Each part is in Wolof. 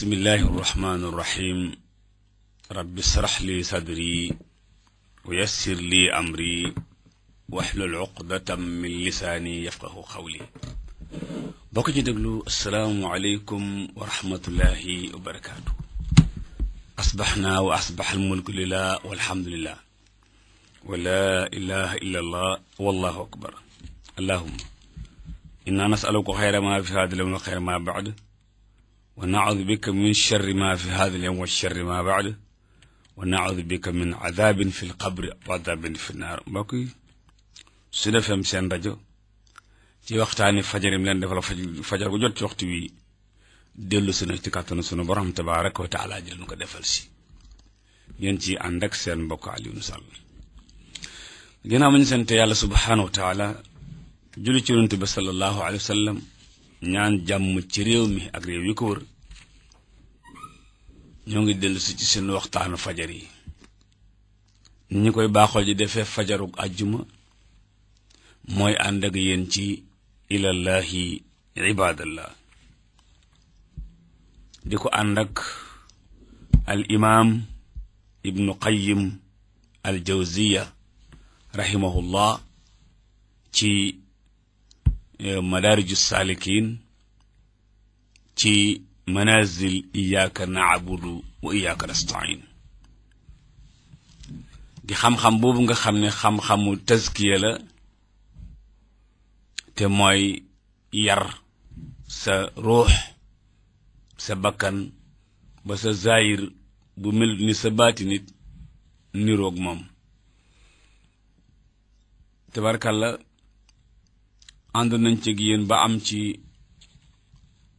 bismillahi irrahmani irrahim rabbi srax li sadri wa yassir li amri waxlul uqdatam min lisaani yafqahu xawli bokk ci déglu asalaamualeykum wa rahmatullahi wa barakaatu asbaxnaa wa asbax almulku lillah walhamdulillah wa laa ilaha illa allah wallahu akbar allahuma inna nasaluka xayra ma fi hada lam wa xayra ma bacd wa naudu bika min sharri ma fi hada al yawm wa sharri ma baada wa naudu bika min adabin fi lqabri wa adabin fi naar mbokk yi Sud FM seen rajo ci waxtaani fajar yi leen defal fajar gu jot ci waxtu wi dellu si na ci kàttanu sunu borom tabaaraka wa taala jël nu ko defal si ngeen ci ànd ak seen mbokk Alioune Sall ginnaaw ma ñu sant yàlla subhaanahu wa taala julli ci yonent bi sallallahu alayhi wa sallam ñaan jàmm ci réew mi ak réew yu ko wër ñoo ngi dellusi ci seen waxtaanu fajar yi ni ñu koy baaxoo ji defee fajarug àjjuma mooy ànd ak yéen ci ilallahi ibadallah di ko ànd ak al imaam ibnu qayyim al jawziya rahimahullah ci eh, madaariju saalikin ci manazil iyaaka naabudu wa iyaaka nastain di xam-xam boobu nga xam ne xam-xamu taskiya la te mooy yar sa ruux sa bakkan ba sa zaayir bu mel ni sa baati nit niroog moom tabarkalla ànd nañ ci yéen ba am ci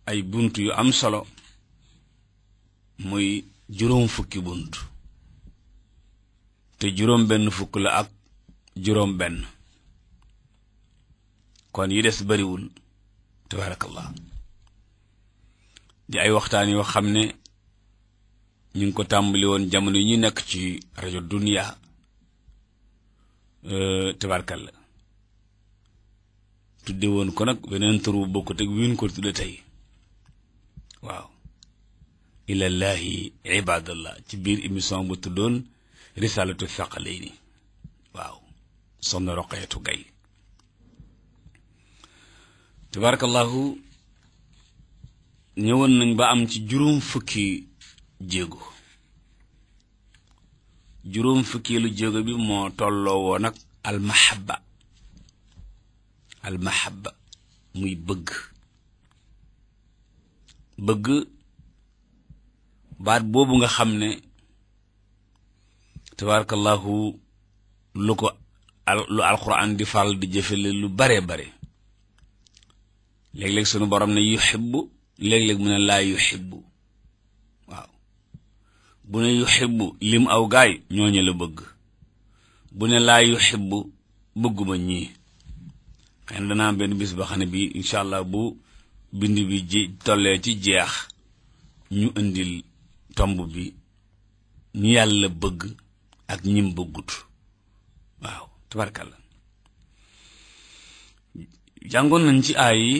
ay bunt yu am solo muy juróom fukki bunt te juróom benn fukk la ak juróom benn kon yi des bariwul tabaarakallah di ay waxtaan yoo xam ne ñu ngi ko tàmbali woon jamono yi ñu nekk ci rajo dunia euh, tabaarkalla tudde woon ko nag beneen tur bu bokkut ak wiin ko tudde tey waaw ilallahi ibadallah ci biir émission bu tuddoon risalatu thaqalayni waaw soxna roqeetu gay tabarakallahu ñëwoon nañ ba am ci juróom fukki jéego juróom fukkeelu jéego bi moo tolloo woon ak almahabba almahabba muy bëgg bëgg baat boobu nga xam ne tabarakallahu lu ko lu alquran di faral di jëfale lu baree bare léeg-léeg sunu borom ne yuhibbu léeg-léeg mu ne laa yuhibbu waaw bu ne yuhibbu lim aw gaay ñooñu la bëgg bu ne laa yuhibbu bëgguma ñii xëy na danaa benn bis ba xam ne bii incha allah bu bind bi ji tollee ci jeex ñu indil tomb bi ñu yàlla bëgg ak ñim bëggut waaw tabarkàlla jàngoon nañ ci aay yi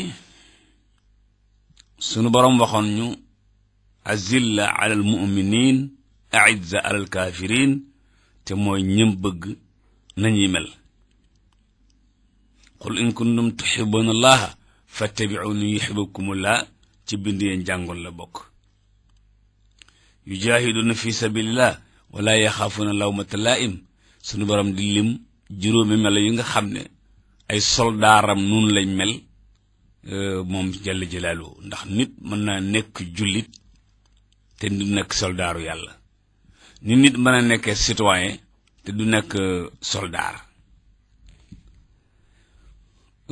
sunu boroom waxoon ñu azilla ala al muminin aizza ala al kafirin te mooy ñim bëgg nañuy mel qul in kuntum tuhibbuna allaha fattabi'uni yuhibbukumullah ci bind yeen jàngoon la bokk yu na yujaahiduna fi sabilillah wala yaxaafuna lawmata laa'im sunu borom di lim juróomi melo yi nga xam ne ay soldaaram nun lañ mel euh, moom jàll jëlaalu ndax nit mën naa nekk jullit te du nekk soldaaru yàlla ni nit mën a nekkee citoyen te du nekk euh, soldaar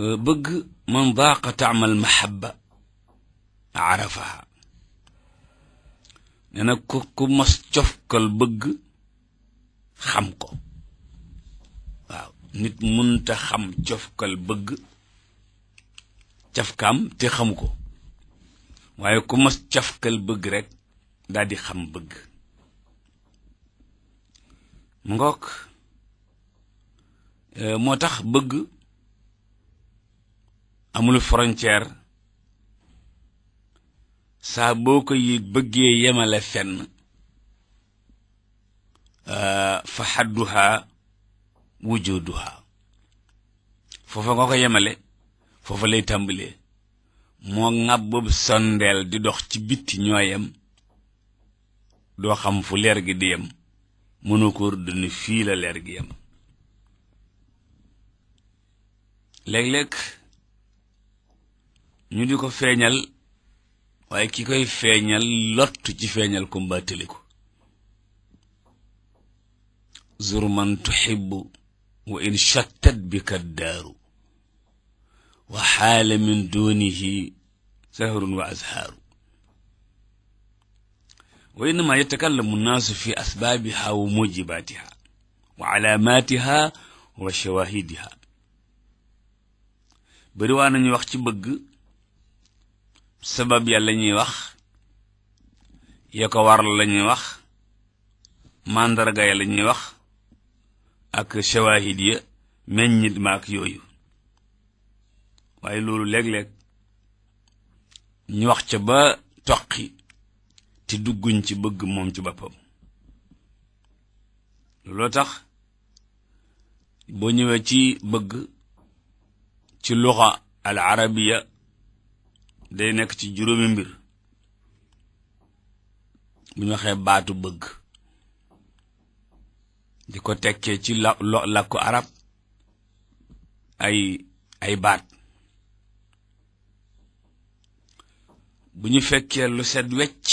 euh, bëgg man daaqa taama al mahabba arafaha nee na ku ku mas cofkal bëgg xam ko waaw nit munta xam cofkal bëgg cafkaam te xamu ko waaye ku mas cafkal bëgg rek daal di xam bëgg mu eh, moo tax bëgg amul frontière saa boo ko yi bëggee yemale fenn euh, fa xadduha wujuduha foofa nga ko yemale foofa lay tàmbalee moo ŋàbbab sondeel di dox ci bitti ñooyam doo xam fu leer gi di yem mënoo ko dund fii la leer gi yem léeg-léeg ñu di ko feeñal waaye ki koy feeñal lott ci feeñal ko mbaa tële ko zur man tuxibu wa in chattat bika daaru wa min dunihi sahrun wa azhaaru wa innama yatakallamu nnaasu fi asbaabiha wa mujibaatiha wa alaamaatiha wa shawaahidiha bëri waa wax ci mbëgg sabab ya la ñuy wax ya ko waral la wax màndarga ya la wax ak shawahid ya meññit ma ak yooyu waaye loolu léeg-léeg ñu wax ca ba toqi te dugguñ ci bëgg moom ci boppam looloo tax boo ñëwee ci bëgg ci luxa al arabiya day nekk ci juróomi mbir bu ñu waxee baatu bëgg di ko tekkee ci la arab ay ay baat bu ñu fekkee lu set wecc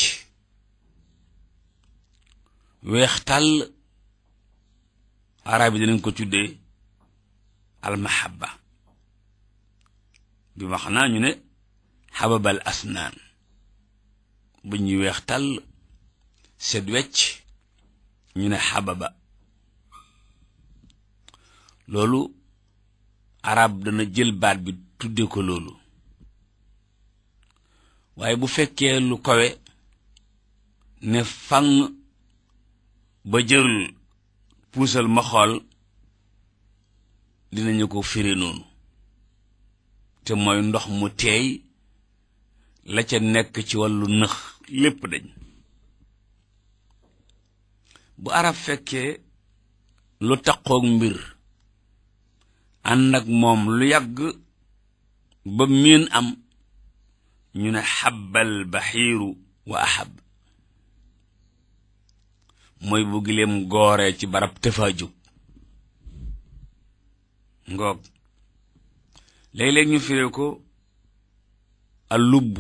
weex tàll arab yi dinañ ko tuddee almahabba bi wax naa ñu ne xababal asnaan bu ñu weex tàll set wecc ñu ne xababa loolu arab dana jël baat bi tudde ko loolu waaye bu fekkee lu kawe ne fang ba jël puusal ma xool dinañu ko firi te mooy ndox mu teey la ca nekk ci wàllu nëx lépp dañ bu arab fekkee lu taqoog mbir ànd ak moom lu yàgg ba miin am ñu ne xabbal baxiiru wa ahab mooy bu gileem gooree ci barab tëfaa jóg ngoog léeg-léeg ñu firee ko allubb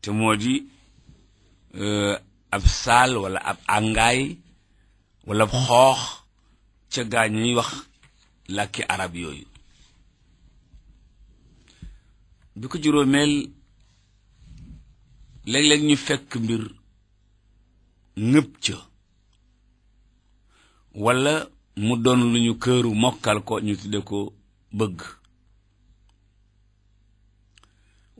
te moo di euh, ab saal wala ab àngaay walla ab xoox ca gaa ñuy wax làkki arab yooyu bi ko juróomeel léeg-léeg ñu fekk mbir ngëb ca wala mu doon lu ñu këru mokkal ko ñu tudde ko bëgg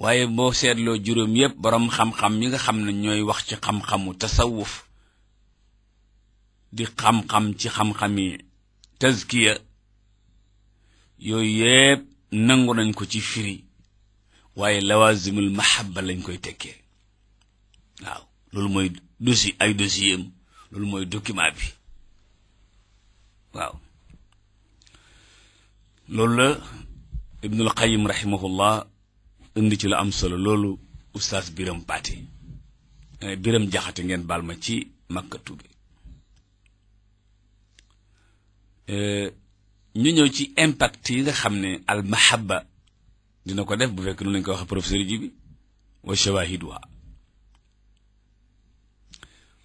waaye boo seetloo juróom yépp boroom xam-xam yi nga xam na ñooy wax ci xam-xamu tasawuf di xam-xam ci xam-xami tazkiya yooyu yépp nangu nañ ko ci firi waaye lawazimul mahabba lañ koy tekkee waaw loolu mooy dossier ay dossier am loolu mooy document bi waaw loolu la ibnul qayim rahimahullah indi ci lu am solo loolu oustaz biram paate eh, biram jaxate ngeen baal ma ci màkkatu bi eh, ñu ñëw ci impact yi nga xam ne al dina ko def bu fekk nu lañ ko waxee professeur ji bi wa shawahidwa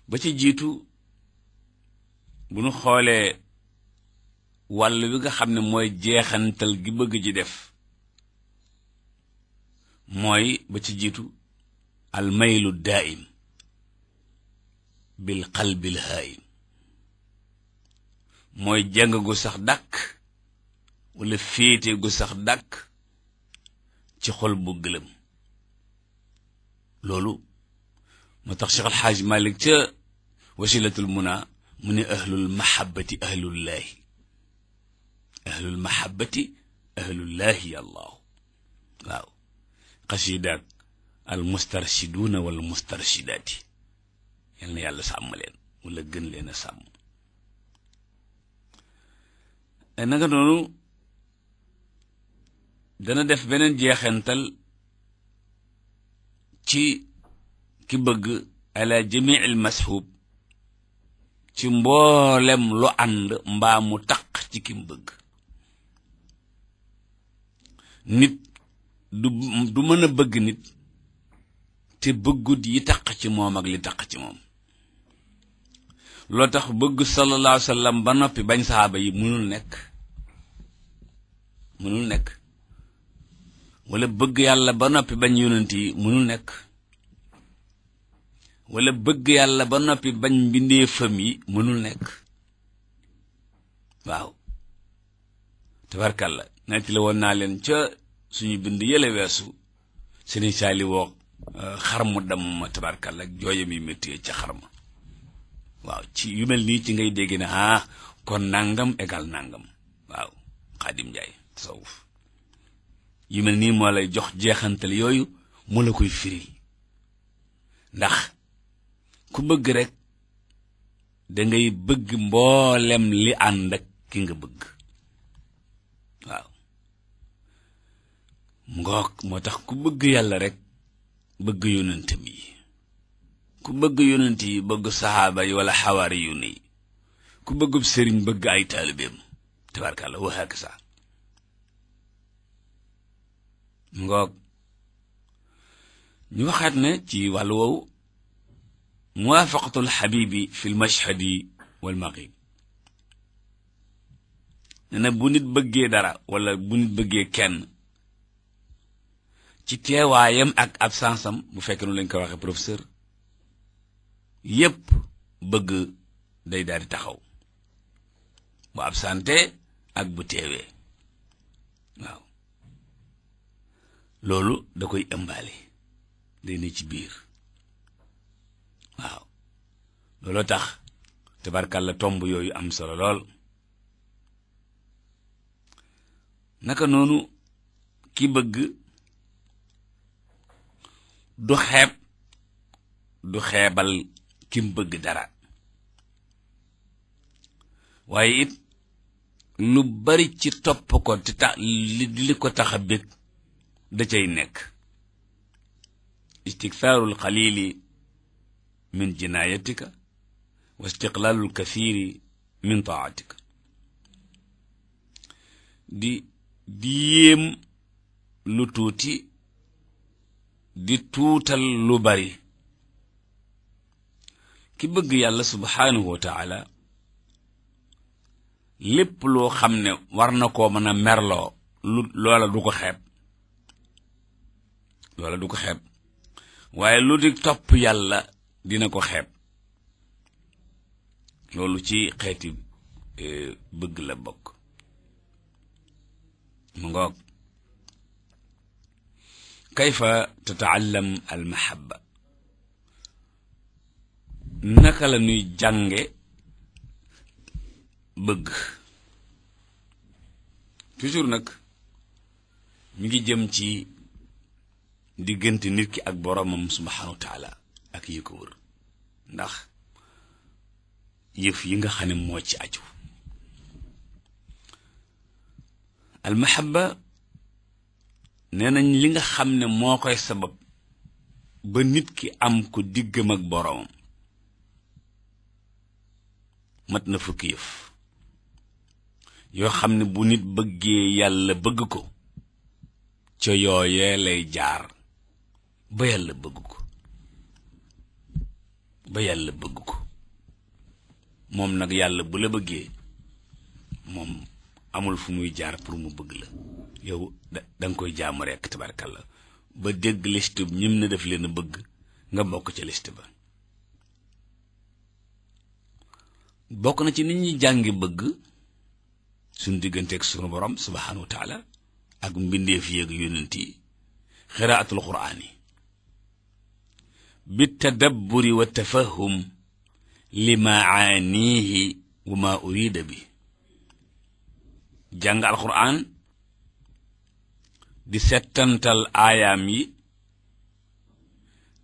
ba ci jiitu bu ñu xoolee wàll wi nga xam ne mooy jeexantal gi bëgg ji def mooy ba ci jiitu almaylu daaim bil qalbil haayim mooy jàng gu sax dàkk wala féete gu sax dàkk ci xol bu gëlëm loolu moo tax Cheikh Alxaaj Malik ca wasilatul muna mu ne ahlul mahabbati ahlullaahi ahlul mahabbati ahlullaahi yàllaahu waaw xasidaat al mustarsiduuna wala mustarsidaati yal na yàlla sàmm leen wala gën leen a sàmm e naka noonu dana def beneen jeexental ci ki bëgg ala jamii al mashub ci mboolem lu ànd mbaa mu taq ci kim bëgg nit du mën a bëgg nit te bëggut yi taq ci moom ak li taq ci moom loo tax bëgg sallallahu alayhi ba noppi bañ saxaaba yi mënul nekk mënul nekk wala bëgg yàlla ba noppi bañ yonent yi mënul nekk wala bëgg yàlla ba noppi bañ mbindeefam yi mënul nekk waaw tabarkàlla netti la woon naa leen ca suñu bind yële weesu sëriñ saali woo euh, xar mu damm ma tabarkalla ak jooyam yu métti ca xar ma waaw ci yu mel nii ci ngay dégg ne ah kon nangam égal nangam waaw xaadim njaay tasawuf yu mel nii moo lay jox jeexantal yooyu mu la koy firil ndax ku bëgg rek da ngay bëgg mboolem li ànd ak ki nga bëgg ngoog moo tax ku bëgg yàlla rekk bëgg yonentam yi ku bëgg yonent bëgg saxaaba yi wala xawaari yu ni ku bëggub sëriñ bëgg ay taalibeem tabarkàlla wa hakaza ngoog ñu waxaat ne ci wàllu woowu muwaafaqatul xabibi fi l mashhadi wal maghrib ne na bu nit bëggee dara walla bu nit bëggee kenn ci teewaayam ak absence am bu fekkee nu lañ koy waxee professeur yépp bëgg day daal taxaw bu absenté ak bu teewee waaw loolu da koy ëmbaale day ne ci biir waaw looloo tax tabarkalla tomb yooyu am solo lool naka noonu ki bëgg du xeeb du xeebal kim bëgg dara waaye it lu bari ci topp ko te tax li ko tax a da cay nekk istikfaarul xalili min jinaayatika wa istiqlaalul kathiri min taatika di di yéem lu tuuti di tuutal lu bari ki bëgg yàlla subhaanahu wa lépp loo xam ne war na koo mën a merloo lu loola du ko xeeb loola du ko xeeb waaye lu di topp yàlla dina ko xeeb loolu ci xeeti eh, bëgg la bokk mu ngoog kayfa tataallam al mahabba naka la ñuy jànge bëgg toujours nag ñu ngi jëm ci diggante nit ki ak boromam subhaanahu wa ak yi ko wër ndax yëf yi nga xam ne ci aju al nee nañ li nga xam ne moo koy sabab ba nit ki am ko diggam ak boroomam mat na fukki yëf yoo xam ne bu nit bëggee yàlla bëgg ko ca yooyee lay jaar ba yàlla bëgg ko ba yàlla bëgg ko moom nag yàlla bu la bëggee moom amul fu muy jaar pour mu bëgg la yow da nga koy jaamu rek tabarkalla ba dégg liste ñim na def leen bëgg nga bokk ca liste ba bokk na ci nit ñi jàngi bëgg suñu digganteek sunu borom subhaanahu wa taala ak mbindeef yéeg yonent xiraatul quraan bi tadabburi wa tafahum li maanihi wa ma urida bi jàng alquran di settantal aayaam yi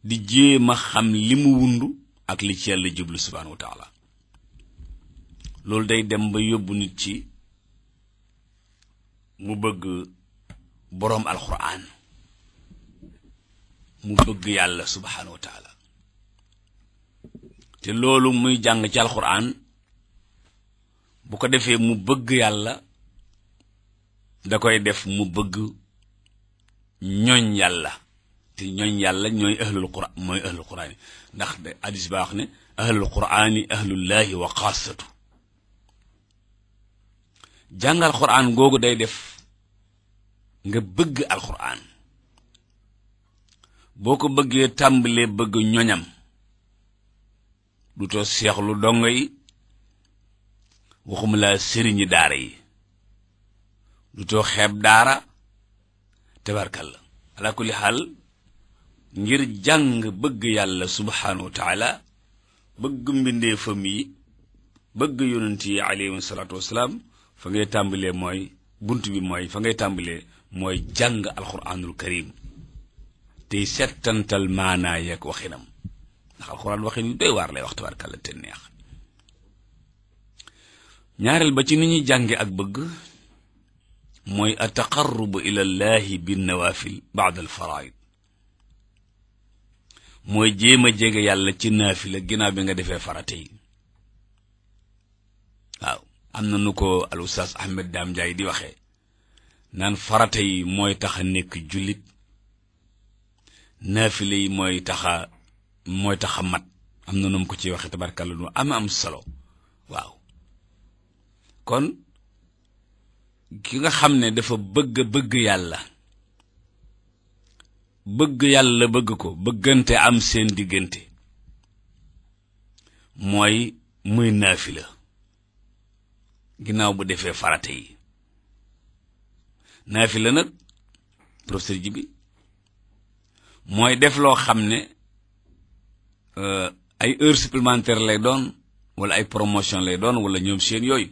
di jéem ma xam li mu wundu ak li ci yàlla jublu subhaanahu loolu day dem ba yóbbu nit ci mu bëgg boroom alxuraan mu bëgg yàlla subhaanahu wa te loolu muy jàng ci alxuraan bu ko defee mu bëgg yàlla da koy def mu bëgg ñooñ yàlla te ñooñ yàlla ñooy ahlul mooy ahlul quraan ndax de hadis baa wax ne ahlul quraan ahlullaahi wa xaasatu jàngal quraan googu day def nga bëgg alquraan boo ko bëggee tàmbalee bëgg ñoñam du too seexlu dongo yi waxuma sëriñi daara yi du too xeeb daara tabarkalla la kulli xaal ngir jàng bëgg yàlla subhaanahu wa bëgg mbindeefam yi bëgg yonent yi alayhim salaatu wasalaam fa ngay tàmbalee mooy bunt bi mooy fa ngay tàmbalee mooy jàng alquranul karim tey settantal maanaa yeeg waxinam ndax alquran waxin doy waar lay wax tabarkalla te neex ñaareel ba ci ni ñuy jànge ak bëgg mooy ataqarrubu ila llahi bi nawafil baad al faraid mooy jéem a jege yàlla ci naafila ginnaaw bi nga defee farata yi waaw am na nu ko al ustaas Ahmed Daam Njaay di waxee naan farata yi mooy tax a nekk jullit naafila yi mooy tax a mooy tax a mat am na nu ko ciy waxee tabarkàlla nu am am solo waaw kon ki nga xam ne dafa bëgg bëgg yàlla bëgg yàlla bëgg ko bëggante am seen diggante mooy muy naafila ginnaaw bu defee farata yi naafila nag professeur ji bi mooy def loo xam ne euh, ay heures supplémentaires lay doon wala ay promotion lay doon wala ñoom seen yooyu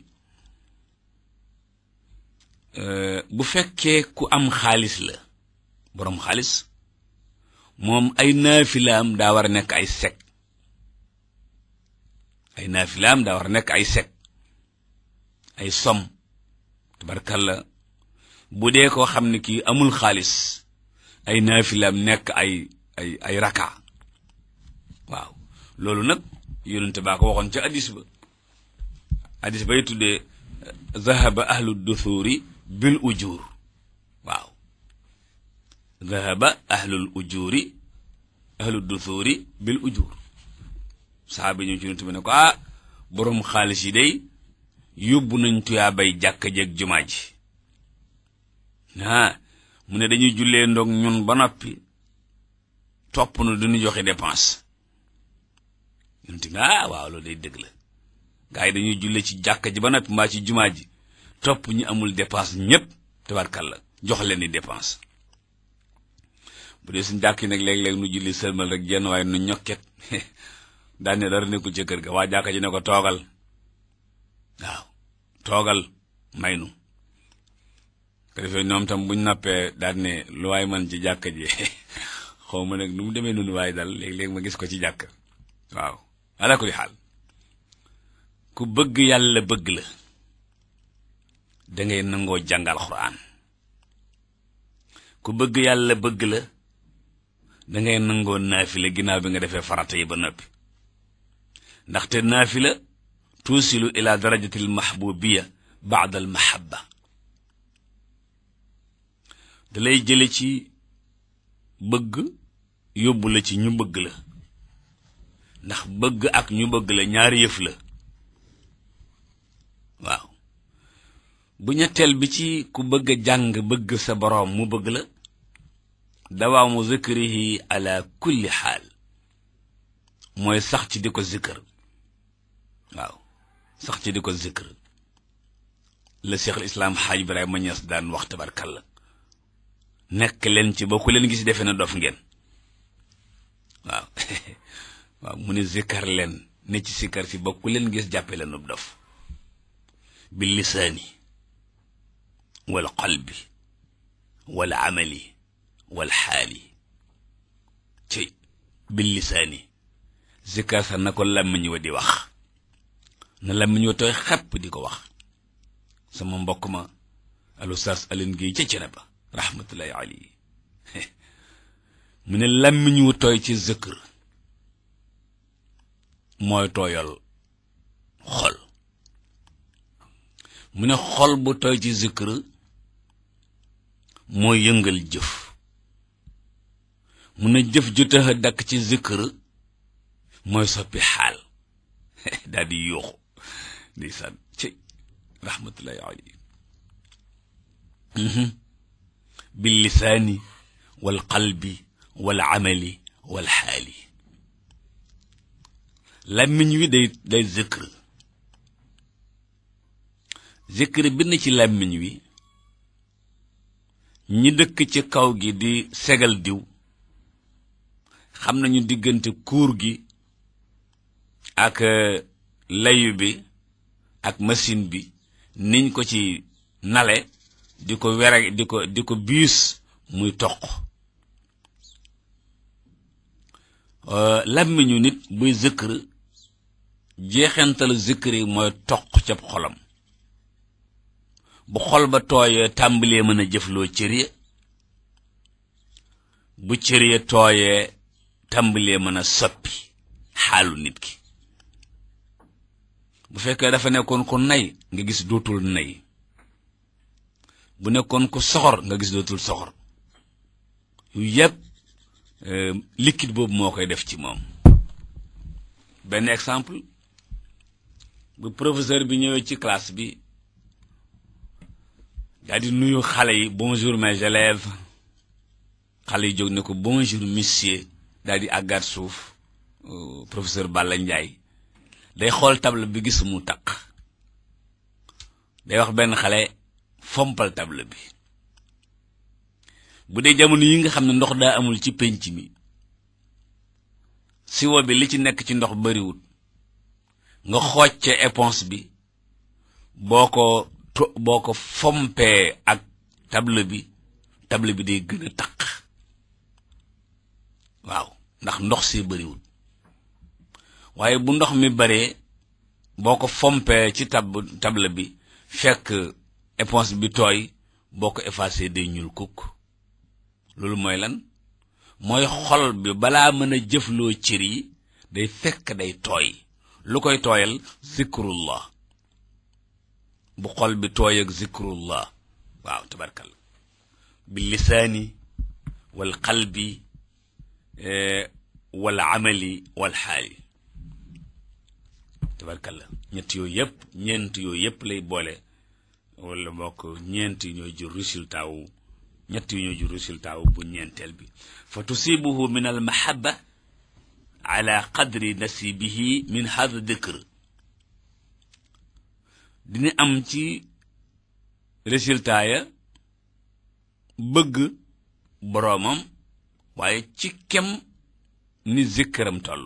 bu fekkee ku am xaalis la boroom xaalis moom ay naafilaam daa war a nekk ay sec ay naafilaam daa war a nekk ay sec ay som la bu dee koo xam ne kii amul xaalis ay naafilaam nekk ay ay raka waaw loolu nag yonente baa ko waxoon ca addis ba addis bay tuddee zahaba ahlu duthuri bil ujur waaw dahaba ahlul ujuri ahlu dusuuri bil ujur saxaaba ñëw ci yonent bi ne ko ah boroom xaalis yi day yóbbu nañ tuyaa bay jàkka jeeg jumaa ji ah mu ne dañuy jullee ndoog ñun ba noppi topp na duñu joxe dépense yonent bi ah waaw loolu day dëgg la gaa dañuy julle ci jàkka ji ba noppi mbaa ci jumaa ji topp ñu amul dépense ñëpp la jox leen ni dépense bu dee suñ dàkk nag léeg-léeg nu julli sëlmal rek jenn waaye nu ñokket daan ne dara nekkul ca kër ga waa jàkka ji ne ko toogal waaw toogal may nu ko defee ñoom tam buñ nappee daan ne lu waay man ci jàkka ji xaw ma nag nu mu demee noonu waaye daal léeg-léeg ma gis ko ci jàkk waaw alaa kulli xaal ku bëgg yàlla bëgg la dangay nangoo jàngal xuraan ku bëgg yàlla bëgg la dangay nangoo naafila ginnaaw bi nga defee farata yi ba noppi ndaxte naafila tuusilu ila darajati al mahbubiya baada al mahabba da lay jële ci bëgg yóbbu la ci ñu bëgg la ndax bëgg ak ñu bëgg la ñaari yëf la bu ñetteel bi ci ku bëgg jàng bëgg sa boroom mu bëgg la dawaamu zikrihi ala kulli xaal mooy sax ci di ko zikr waaw sax ci di ko zikr la seexul islaam xaaj Ibrahima Ñas daan wax tabarkalla nekk leen ci ba ku leen gis defe na dof ngeen waaw mu ne zikkar leen ne ci sikkar si ba ku leen gis jàppe leen ub dof bi lisaani wal qalbi wal amali wal xaali ci bil lisaani zikkar sa na ko làmmiñ wa di wax na làmmiñ wa tooy xepp di ko wax sama mbokk ma alustaas Alioune Guèye ca cene ba rahmatullahi alayhi mu ne làmmiñ wu tooy ci zikr mooy tooyal xol mu ne xol bu tooy ci zikr mooy yëngal jëf mun na jëf ju tax a dakk ci zikr mooy soppi xaal daal yuux yuuxu ndeysaan ci rahmatullahi aley mhm. bil bi wal qalbi wal amali wal xaali làmmiñ wi day day zikr bi na ci làmmiñ wi ñi dëkk ci kaw gi di segal diw xam nañu diggante kuur gi ak euh, layu bi ak machine bi niñ ko ci nale di ko were di ko di ko biis muy toq euh, làmmiñu nit buy zikkir jeexantal zikkir yi mooy toq ca xolam bu xol ba tooyee tàmbalee mën a jëfloo cër bu cër ya tooyee tàmbalee mën a soppi xaalu nit ki bu fekkee dafa nekkoon ku nay nga gis dootul nay bu nekkoon ku soxor nga gis dootul soxor yu yëpp euh, liquide boobu moo koy def ci moom benn exemple bu professeur bi ñëwee ci classe bi daal nuyu xale yi bonjour mes élèves xale yi jóg ne ko bonjour monsieur daal di àggaat suuf euh, professeur Balla Ndiaye day xool table bi gis mu taq day wax benn xale fompal table bi bu dee jamono yi nga xam ne ndox daa amul ci pénc mi siwo bi li ci nekk ci ndox bariwul nga xooj ca éponse bi boo ko to boo ko fompee ak table bi table bi day gën taq waaw ndax ndox si bëriwul waaye bu ndox mi baree boo ko fompee ci tab table bi fekk éponge bi tooy boo ko effacé day ñuul kukk loolu mooy lan mooy xol bi balaa mën a jëfloo cër yi day fekk day tooy lu koy tooyal zikrullah bu xol bi tooy ak zikrullah waaw tabarkalla bi lisaani wal qalbi eh, wal amali wal xaali tabarkalla ñett yooyu yëpp ñeent yooyu yëpp lay boole wala mbokk ñeent yi ñooy jur résultat wu ñett yi ñooy jur résultat wu bu ñeenteel bi fa tusibuhu min al mahaba ala qadri nasibihi min hada dikr dina am ci résultat ya bëgg boroomam waaye ci kem ni zikkaram toll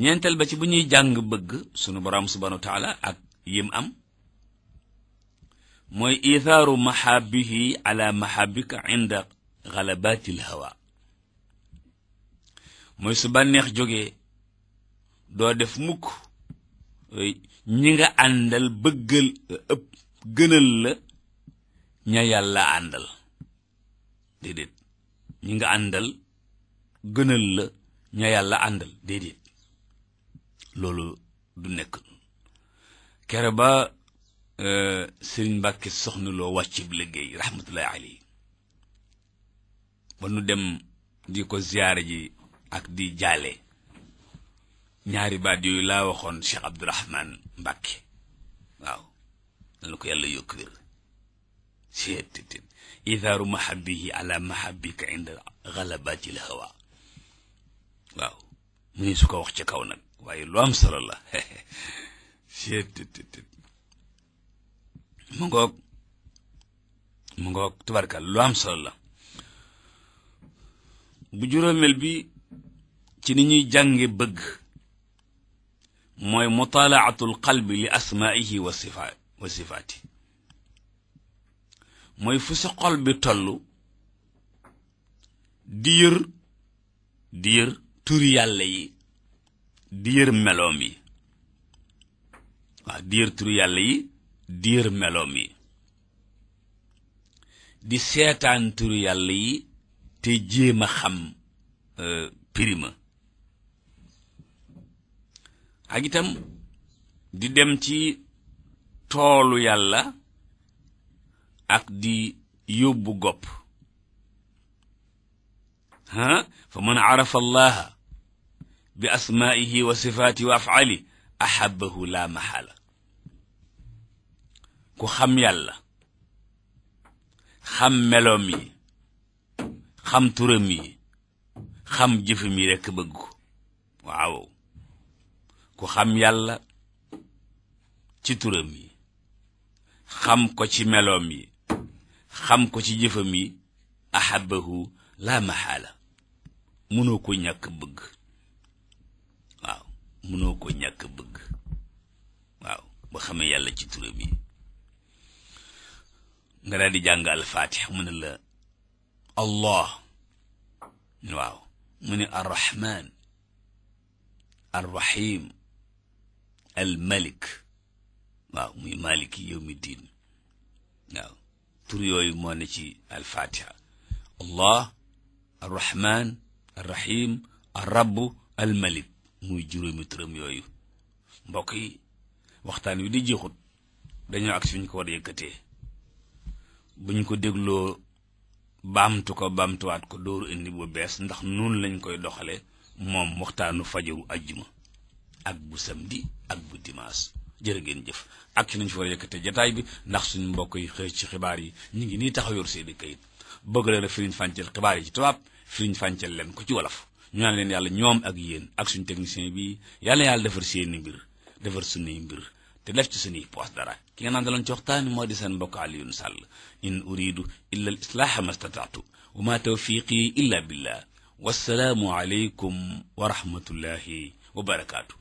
ñeenteel ba ci bu ñuy jàng bëgg sunu boroom subhanahu wa ak yim am mooy ithaaru mahabihi ala mahabika inda galabatil hawa mooy su bànneex jógee doo def mukk ñi nga àndal bëggal ëpp gënal la ña yàlla àndal déedéet ñi nga àndal gënal la ña yàlla àndal déedéet loolu du nekk kere ba euh, sëriñ Mbàkke soxna loo wàccib liggéey rahmatullahi alayhi ba nu dem di ko ziyaare ji ak di jaale ñaari baat yooyu laa waxoon Cheikh Abdourahman Mbacke waaw na la ko yàlla yokk wér seettin idaaru mahabbihi ala mahabbika inda galabatil hawa mu ne su ko wax ca kaw nag waaye lu am solo la seettin mu ngoog mu ngoog tubarkal lu am la bu juróomeel bi ci ni ñuy jànge bëgg mooy mutaalaatul qalbi li asmaihi wa sifaati mooy fu sa bi toll di yër di yër turi yàlla yi di yër meloo mi waaw di yër turi yàlla yi di yër meloom yi di seetaan turi yàlla yi te jéem a xam euh, pirima ak itam di dem ci toolu yàlla ak di yóbbu gopp ah fa man arafa allaha bi asmaihi wa sifaati wa afali ahabahu la mahala ku xam yàlla xam meloom yi xam turam yi xam jëfam rekk bëgg ko ku xam yàlla ci turam yi xam ko ci meloom yi xam ko ci jëfam yi ahabahu la mahaala mënoo ko ñàkk bëgg waaw mënoo ko ñàkk bëgg waaw ba yàlla ci turam yi nga di jàng alfaatiha mu la allah waaw mu ne arrahman al malik waaw muy maliki yawmi diin waaw tur yooyu moo ne ci al fatiha allah ar rahman ar rahim muy juróomi turam yooyu mbokk yi waxtaan wi di jeexut dañoo ak fi ñu ko war yëkkatee bu ñu ko dégloo baamtu ko baamtuwaat ko dóoru indi bu bees ndax noonu lañ koy doxale moom waxtaanu fajaru ajjuma ak bu samedi ak bu dimanche jërë ngeen jëf ak ci nañ fi war a yëkkate jataay bi ndax suñu mbokk yi xëy ci xibaar yi ñu ngi nii taxaw yor seeni kayit bëgg leen a firiñ fànceel xibaar yi ci tubaab firiñ fànceel leen ko ci wolof ñu naan leen yàlla ñoom ak yéen ak suñu technicien bi yàlla yàlla defar seeni mbir defar suñuy mbir te def ci suñuy poos dara ki nga naan daloon ci waxtaani moo di seen mbokk Alioune Sall in uridu illa al islaaha ma stataatu wa ma tawfiqi illa billah wassalaamu aleykum wa rahmatullahi wa barakaatu